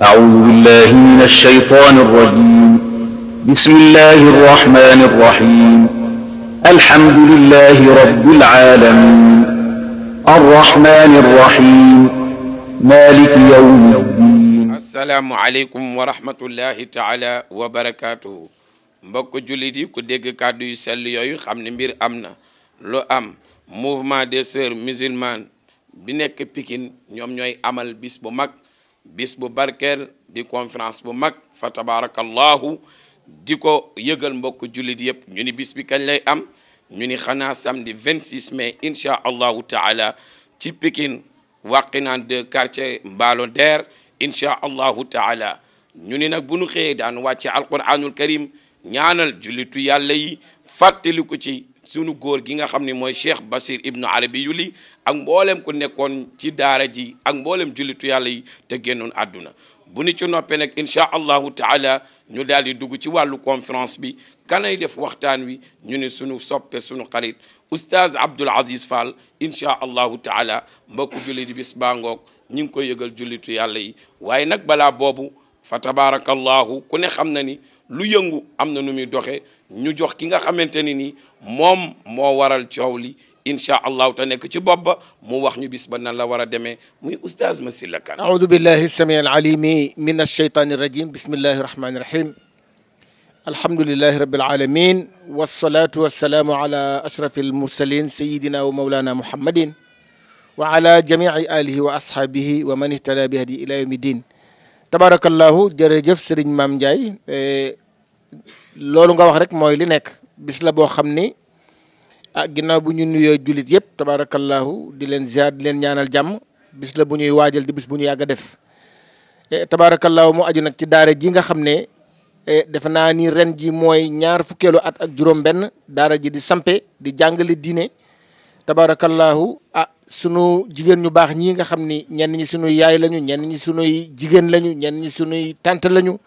أعوذ بالله من الشيطان الرجيم بسم الله الرحمن الرحيم الحمد لله رب العالمين الرحمن الرحيم مالك يوم الدين السلام عليكم ورحمة الله تعالى وبركاته mbokk jullit yi ku dégg kàddu yu sell yooyu xam ne mbir am na lu am mouvement des sœurs musulmanes bi nekk Pikine ñoom ñooy amal bis bu mag bis bu barkeel di conférence bu mag fa tabarakallahu di ko yëgal mbokk jullit yëpp ñu ni bis bi kañ lay am ñu ni xanaa samedi 26 mai incha allahu taala ci Pikine wàqinaan de quartier mbaalo der incha allahu taala ñu ni nag bu nu xëyee daan wàcce alquranul karim ñaanal jullitu yàlla yi fàttaliku ci sunu góor gi nga xam ni mooy cheikh basir ibnu arabi yu li ak mboolem ku nekkoon ci daara ji ak mboolem jullitu yàlla yi te génnoon àdduna bu ni ci noppee nag incha allahu taala ñu daal di dugg ci wàllu conférence bi kanay def waxtaan wi ñu ne sunu soppe sunu xarit oustaz Abdoul Aziz Fall incha allahu taala mbokku julli di bis baa ngoog ñu ngi koy yëgal jullitu yàlla yi waaye nag balaa boobu fa tabaarakallaahu ku ne xam na ni lu yëngu am na nu muy doxe ñu jox ki nga xamante ni nii moom moo waral coow li incha allahu te nekk ci bopp ba mu wax ñu bis ba nan la war a demee muy oustaz Massila Kane aoudu billahi samii alalimi min alsheytani irrajim bismillahi irrahmani irrahim alhamdulilahi rabbil alamin wassalatu wassalaamu ala ashrafi almursalin sayidina wa maulana muhammadin wa ala jamici alihi wa ashaabihi wa man ihtada bi hadi ila yawmi din tabaarakallaahu jërëjëf sëriñ maam Ndiaye eh, loolu nga wax rek mooy li nekk bis la boo xam ni ah ginnaaw bu ñu nuyoo jullit yëpp tabaarakallaahu di leen ziar di leen ñaanal jàmm bis la bu ñuy waajal di bis bu ñu yàgg a def eh, tabaarakallaahu mu aju nag ci daara ji nga xam ne eh, defe naa ni ren ji mooy ñaar fukkeelu at ak juróom-benn daara ji di sampe di jàngale diine tabaarakallaahu ah sunu jigéen ñu baax ñii nga xam ni ñenn ñi sunuy yaay lañu ñenn ñi sunuy jigéen lañu ñenn ñi sunuy tante lañu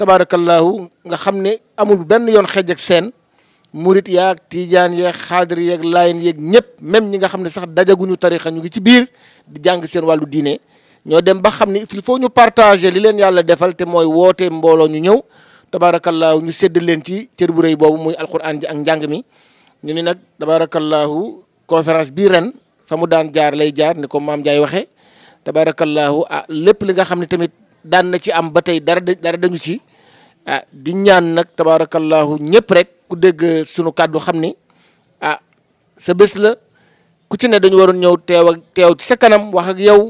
tabaarakallaahu nga xam ne amul benn yoon xeej ak seen murit yaag tiijaan yeeg xaadir yeeg laayin yeeg ñëpp même ñi nga xam ne sax dajaguñu tarixa ñu ngi ci biir di jàng seen wàllu diine ñoo dem ba xam ni il faut ñu partager li leen yàlla defal te mooy woote mbooloo ñu ñëw tabaarakallaahu ñu sédd leen ci cër bu rëy boobu muy alquran ji ak njàng mi ñu ni nag tabaarakallaahu conférence bi ren fa mu daan jaar lay jaar ni ko maam Ndiaye waxee tabaarakallaahu ah lépp li nga xam ne tamit daan na ci am ba tey dara dara dañu ci ah di ñaan nag tabaarakallaahu ñëpp rek ku dégg sunu kàddu xam ni ah sa bés la ku ci ne dañu waroon ñëw teew ak teew ci sa kanam wax ak yow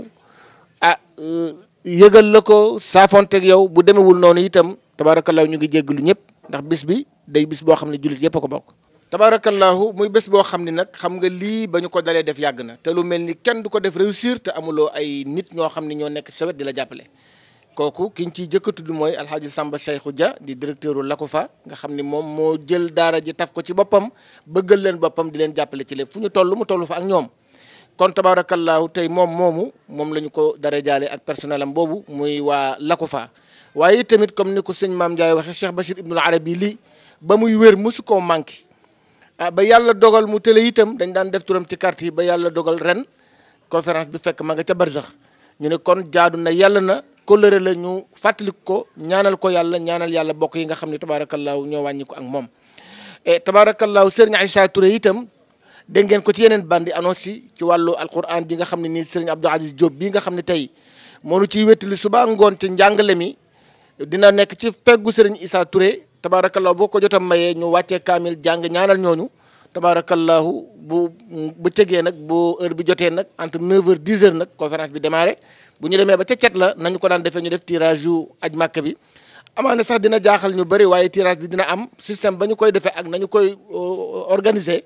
ah euh, yëgal la ko saafonteeg yow bu demewul noonu itam tabaarakallaahu ñu ngi jéggalu ñëpp ndax bis bi day bis boo xam ne jullit yëpp a ko bokk. tabaarakallaahu muy bés boo xam ni nag xam nga lii ba ñu ko dalee def yàgg na te lu mel ni kenn du ko def réussir te amuloo ay nit ñoo xam ni ñoo nekk sawet di la jàppale kooku ki ñu ciy jëkk mooy alxaaji Samba Cheikhou Dia di directeur Lakufa nga xam ni moom moo jël daara ji taf ko ci boppam bëggal leen boppam di leen jàppale ci lépp fu ñu toll mu tollu fa ak ñoom kon tabaarakallaahu tey moom moomu moom la ñu ko dara jaale ak personnel am boobu muy waa Lakufa waaye tamit comme ni ko sëñ Maam Ndiaye waxee Cheikh Bachir Ibnul Arabi lii ba muy wér mosu koo manqué ah ba yàlla dogal mu tële itam dañ daan def turam ci carte yi ba yàlla dogal ren conférence bi fekk ma nga ca barsax ñu ne kon jaadu na yàlla na kóllëre la ñu fàttali ko ñaanal ko yàlla ñaanal yàlla bokk yi nga xam ne tabaarakallaahu ñoo wàññi ko ak moom e tabaarakallaahu sëriñ Aïssa Touré itam dégg ngeen ko ci yeneen bandi annonce yi ci wàllu alquran di nga xam ne nii sëriñ Abdou Aziz Diop bii nga xam ne tey moo nu ciy wéttali suba ngoon ci njàngale mi dina nekk ci peggu sëriñ Issa Touré tabaarakallaahu boo ko jotam mayee ñu wàccee kaamil jàng ñaanal ñooñu tabaarakallaahu bu bëccëgee nag boo heure bi jotee nag entre 9h 10h nag conférence bi démarré bu ñu demee ba ca cet la nañu ko daan defee ñu def tirage yu aj màkk bi amaana sax dina jaaxal ñu bari waaye tirage bi dina am système ba ñu koy defee ak nañu koy euh, organiser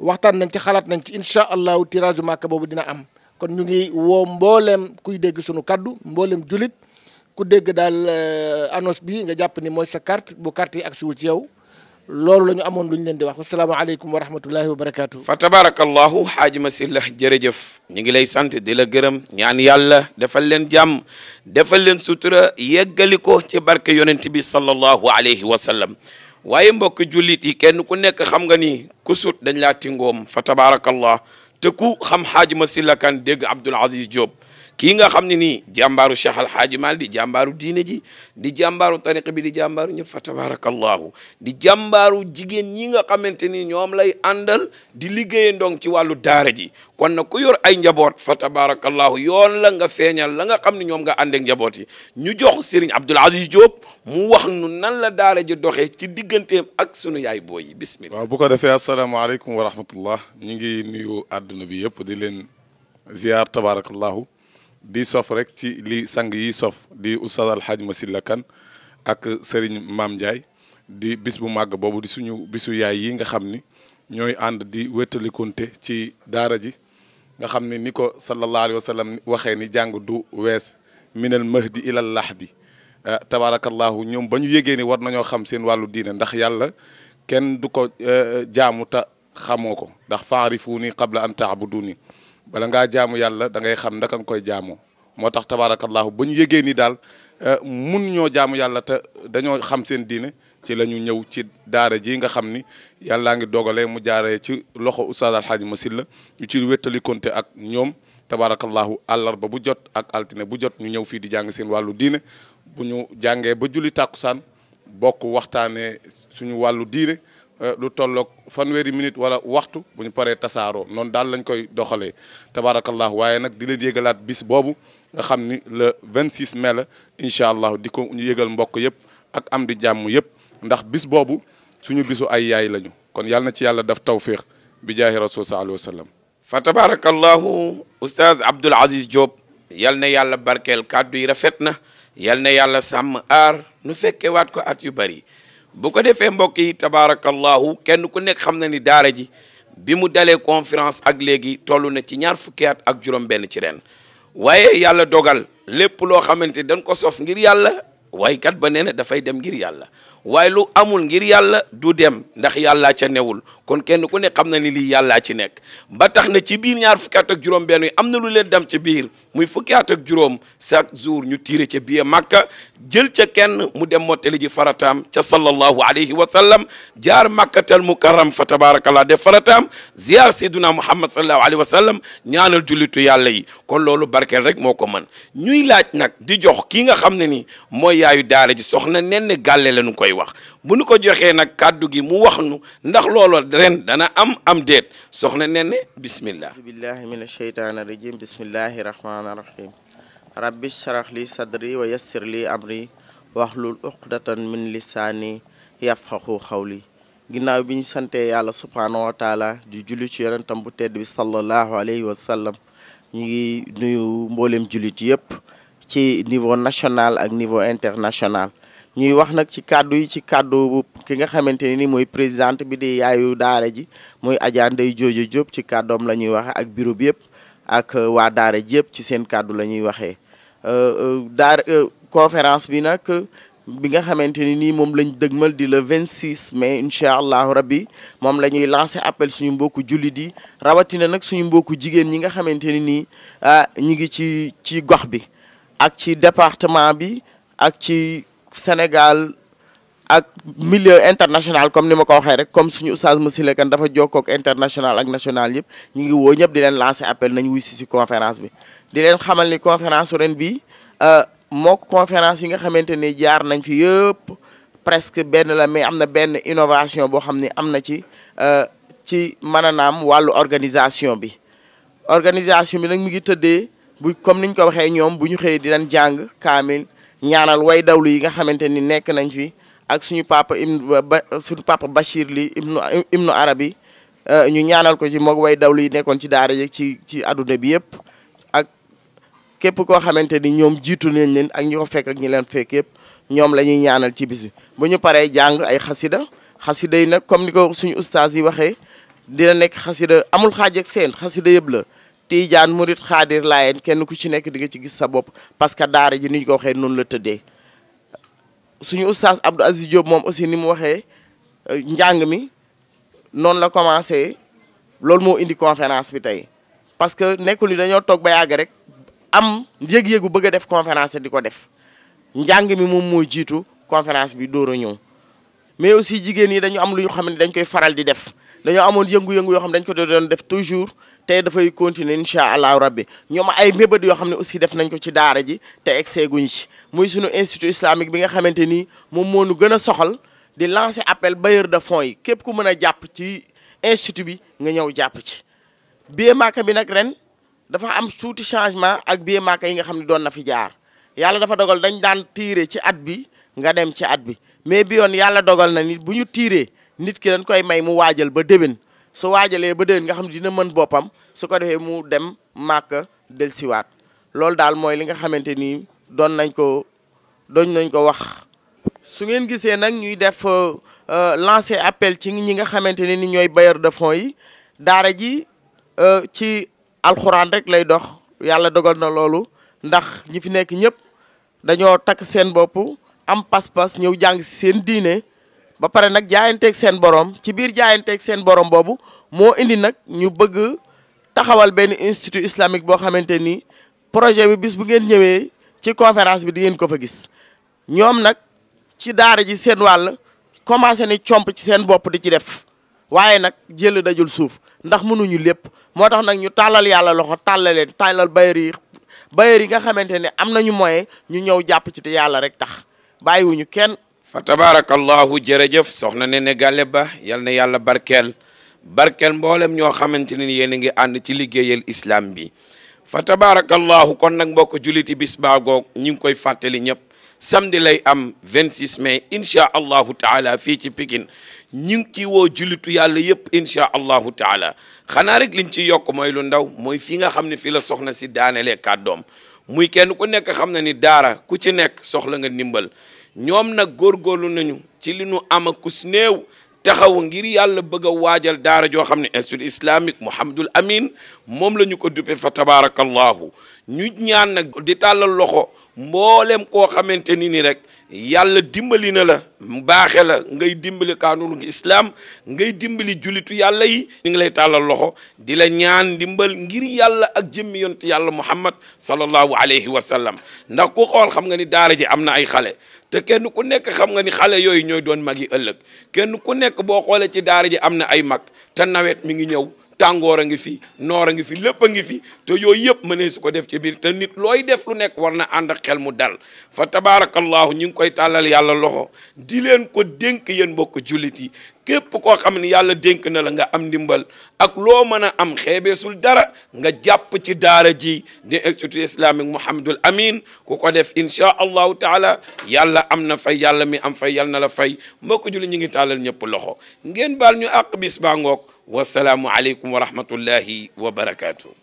waxtaan nañ ci xalaat nañ ci incha allahu tirage yu màkk boobu dina am kon ñu ngi woo mbooleem kuy dégg sunu kaddu mbooleem julit ku dégg daal euh, annonce bi nga jàpp ni mooy sa carte bu carte yi ak siwul ci yow loolu la ñu amoon lu ñu leen di wax asalaamaaleykum wa rahmatullahi wa barakaatu. fa tabarakallahu xaaji masilla jërëjëf ñu ngi lay sant di la gërëm ñaan yàlla defal leen jàmm defal leen sutura yeggali ko ci barke yonent bi sallallahu alayhi wa sallam waaye mbokk jullit yi kenn ku nekk xam nga ni ku sut dañ laa tingoom fa tabarakallah te ku xam xaaji masilla kan dégg Abdoul Aziz Diop. kii nga xam ne ni jàmbaaru Cheikh Al jàmbaaru diine ji di jàmbaaru tariq bi di jàmbaaru ñëpp fa tabarakallahu di jàmbaaru jigéen ñi nga xamante ni ñoom lay àndal di liggéeya ndong ci wàllu daara ji kon nag ku yor ay njaboot fa tabarakallahu yoon la nga feeñal la nga xam ne ñoom nga ànd ak njaboot yi ñu jox Serigne Abdoul Aziz Diop mu wax nu nan la daara ji doxee ci digganteem ak sunu yaay booy yi bismillah waaw bu ko defee asalaamaaleykum wa rahmatullah ñu ngi nuyu àdduna bi yëpp di leen di sof rek ci li sang yi sof di oustaz ma Masila Kan ak sëriñ Maam Ndiaye di bis bu màgg boobu di suñu bisu yaay yi nga xam ni ñooy ànd di wétalikonte ci daara ji nga xam ne ni ko sallallahu alayhi wa waxee ni jàng du wees minal mahdi ilal lahdi eh, tabaarakallahu ñoom ba ñu yégee ni war nañoo xam seen wàllu diine ndax yàlla kenn du ko eh, jaamu ta xamoo ko ndax faarifu ni qabla an taabudu ni bala ngaa jaamu yàlla da ngay xam naka nga koy jaamoo moo tax tabaarakallahu ba ñu yëgee ni daal eh, mun ñoo jaamu yàlla te dañoo xam seen diine ci la ñu ñëw ci daara ji nga xam ni yàllaa ngi dogalee mu jaaree ci loxo oustaz alxaaji Masila ñu ci wéttali konte ak ñoom tabaarakallahu àllarba bu jot ak altine bu jot ñu ñëw fii di jàng seen wàllu diine bu ñu jàngee ba julli tàkkusaan bokk waxtaanee suñu wàllu diine Euh, lu tolloog fanweeri minute wala waxtu bu ñu paree tasaaroo noonu daal lañ koy doxalee tabaarakallah waaye nag di leen yëgalaat bis boobu xam ni le 26 mai la incha allah di ko ñu yëgal mbokk yëpp ak am di jàmm yëpp ndax bis boobu suñu bisu ay yaay lañu kon yàlla na ci yàlla daf tawfiq bi jaahi rasul sallallahu alayhi wa sallam fa tabaarakallahu oustaz Abdoul Aziz Diop yal na yàlla barkeel kàddu yi rafet na yal na yàlla sàmm aar nu fekke waat ko at yu bari bu ko defee mbokk yi tabaarakallahu kenn ku nekk xam na ni daara ji bi mu dalee conférence ak léegi toll na ci ñaar fukki ak juróom-benn ci ren waaye yàlla dogal lépp loo xamante dañ ko sos ngir yàlla waaye kat ba nee na dafay dem ngir yàlla waaye lu amul ngir yàlla du dem ndax yàllaa ca newul kon kenn ku ne xam na ni lii yàllaa ci nekk ba tax na ci biir ñaar fukki at ak juróom am na lu leen dem ci biir muy fukki at ak juróom chaque jour ñu tiire ca biir màkka jël ca kenn mu dem mottali ji farataam ca sallallahu alayhi wa sallam jaar màkkatal mukarram fa tabarakallah def farataam ziar sayyiduna muhammad sallallahu alayhi wa sallam ñaanal jullitu yàlla yi kon loolu barkeel rek moo ko mën ñuy laaj nag di jox kii nga xam ne ni mooy yaayu daara ji soxna nen ne gàlle lañu koy wax bu nu ko joxee nag kàddu gi mu wax nu ndax loolo ren dana am am déet soxna Nene bismillah billahi min asheytaani rajim bismillahi rahmaani rahim rabbi shrah li sadri wa yassir li xawli ginnaaw bi ñu santee yàlla subhaanahu wa di julli ci yonentam bu tedd bi sallallahu alayhi wa sallam ñu ngi nuyu mboolem jullit yëpp ci niveau national ak niveau international ñuy wax nag ci kàddu yi ci kàddu ki nga xamante ne ni mooy présidente bi di yaayu daara ji mooy Adja Ndeye Jojo Diop ci kàddoom la ñuy waxee ak bureau bi yëpp ak euh, waa daara ji yëpp ci seen kàddu la ñuy waxee euh, euh, daara conférence bi nag bi nga xamante ni nii moom lañ dëgmal di la le 26 mai incha allahu rabbi moom la ñuy lancé appel suñu mbokku jullit yi rawatina nag suñu mbokku jigéen ñi nga xamante ni nii ah ñu ngi ci ci gox bi ak ci département bi ak ci Sénégal ak milieu international comme ni ma ko waxee rek comme suñu oustaz Massiré Kane dafa jokkook international ak national yëpp ñu ngi woo ñëpp di leen lancer appel nañu wuy si si conférence bi di leen xamal ni conférence ren bi euh, mook conférence yi nga xamante ni jaar nañ fi yëpp presque benn la mais am na benn innovation boo xam ni am na ci euh, ci mën naam wàllu organisation bi organisation bi nag mu ngi tëddee bu comme niñ ko waxee ñoom bu ñu xëyee dinañ jàng kaamil ñaanal way dawlu yi nga xamante ni nekk nañ fi ak suñu papa ibnu ba suñu papa Bachir li ibnu ibnu arabi euh, ñu ñaanal ko ci moog way dawlu yi nekkoon ci daara yeeg ci ci adduna bi yëpp ak képp koo xamante ni ñoom jiitu nañ leen ak ñi ko fekk ak ñi leen fekk yëpp ñoom la ñuy ñaanal ci bis bi bu ñu paree jàng ay xasida xasida yi nag comme ni ko suñu ustaas yi waxee dina nekk xasida amul xaaj seen xasida yëpp la tiijaan murit xaadir laayeen kenn ku ci nekk di nga ci gis sa bopp parce que daara ji ni ñu ko waxee noonu la tëddee suñu oustaz Abdou Aziz Diop moom aussi ni mu waxee euh, njàng mi noonu la commencé loolu moo indi conférence bi tey parce que nekkul ni dañoo toog ba yàgg rek am yëg-yëgu bëgg def conférence di ko def njàng mi moom mooy jiitu conférence bi door a ñëw mais aussi jigéen yi dañu am lu ñu xam ne dañ koy faral di def dañoo amoon yëngu-yëngu yoo xam ne dañ ko doon def toujours tey dafay continuer incha allahu rabbi ñoom ay mébét yoo xam ne aussi def nañ ko ci daara ji te egsee guñ ci muy sunu institut islamique bi nga xamante ni moom moo nu gën a soxal di lancer appel bailleur de fonds yi képp ku mën a jàpp ci institut bi nga ñëw jàpp ci. billet Màkka bi nag ren dafa am suuti changement ak billet Màkka yi nga xam ne doon na fi jaar yàlla dafa dogal dañ daan tiire ci at bi nga dem ci at bi mais bi yoon yàlla dogal na ni bu ñu tiire nit ki dañ koy may mu waajal ba déwén. su waajalee ba déwén nga xam dina mën boppam su ko defee mu dem màkk dellusiwaat loolu daal mooy li nga xamante ni doon nañ ko doon nañ ko wax. su ngeen gisee nag ñuy def euh, euh, lancé appel ci ñi nga xamante ne ni ñooy bailleurs de fonds yi daara ji euh, ci alxuraan rek lay dox yàlla dogal na loolu ndax ñi fi nekk ñëpp dañoo takk seen boppu am pas-pas ñëw jàng seen diine. ba pare nag jaayanteeg seen borom ci biir jaayanteeg seen borom boobu moo indi nag ñu bëgg taxawal benn institut islamique boo xamante ni projet bi bis bu ngeen ñëwee ci conférence bi di ngeen ko fa gis ñoom nag ci daara ji seen wàll commencé ni comp ci seen bopp di ci def waaye nag jël dajul suuf ndax mënuñu lépp moo tax nag ñu tàllal yàlla loxo tàllal leen tàllal bailleur yi bailleur yi nga xamante ne am nañu moyen ñu ñëw jàpp ci te yàlla rek tax bàyyiwuñu fa tabarakallahu jërëjëf soxna ne ne gàlle ba yal na yàlla barkeel barkeel mboolem ñoo xamante ne yéen a ngi ànd ci liggéeyal islam bi fa tabarakallahu kon nag mbokk julit yi bis ñu ngi koy fàttali ñëpp samedi lay am 26 mai incha allahu taala fii ci pikin ñu ngi ci woo julitu yàlla yëpp incha allahu taala xanaa rek liñ ci yokk mooy lu ndaw mooy fii nga xam ne fii la soxna si daanelee kàddoom muy kenn ku nekk xam na ni daara ku ci nekk soxla nga ndimbal ñoom nag góorgóorlu nañu ci li nu am ak kus néew taxaw ngir yàlla bëgg a waajal daara joo xam ne institut islamique Mouhamadul Amin moom la ñu ko duppe fa tabaarakallahu ñu ñaan nag di tàllal loxo. mboolem koo xamante ni ni rek yàlla dimbali na la baaxe la ngay dimbali kaanunu islam ngay dimbali julitu yàlla yi ñu ngi lay tàllal loxo di la ñaan dimbal ngir yàlla ak jëmmi yontu yàlla muhammad sallallahu alayhi wa sallam ndax ku xool xam nga ni daara ji am na ay xale te kenn ku nekk xam nga ni xale yooyu ñooy doon mag yi ëllëg kenn ku nekk boo xoolee ci daara ji am na ay mag te nawet mi ngi ñëw tàngoor a ngi fi noor a ngi fi lépp a ngi fi te yooyu yëpp mënee su ko def ci biir ta nit looy def lu nekk war na ànd ak mu dal fa tabaarakallahu ñu ngi koy tàllal yàlla loxo di leen ko dénk yéen mbokk jullit yi képp koo xam ne yàlla dénk na la nga am ndimbal ak loo mën a am xeebeesul dara nga jàpp ci daara ji di institut islamique Mouhamadul Amin ku ko def incha allahu taala yàlla am na fay yàlla mi am fay yàlla na la fay mbokku julli ñu ngi tàllal ñëpp loxo ngeen baal ñu àq bis baa ngoog wasalaamu aleykum wa rahmatullahi wa barakaatu.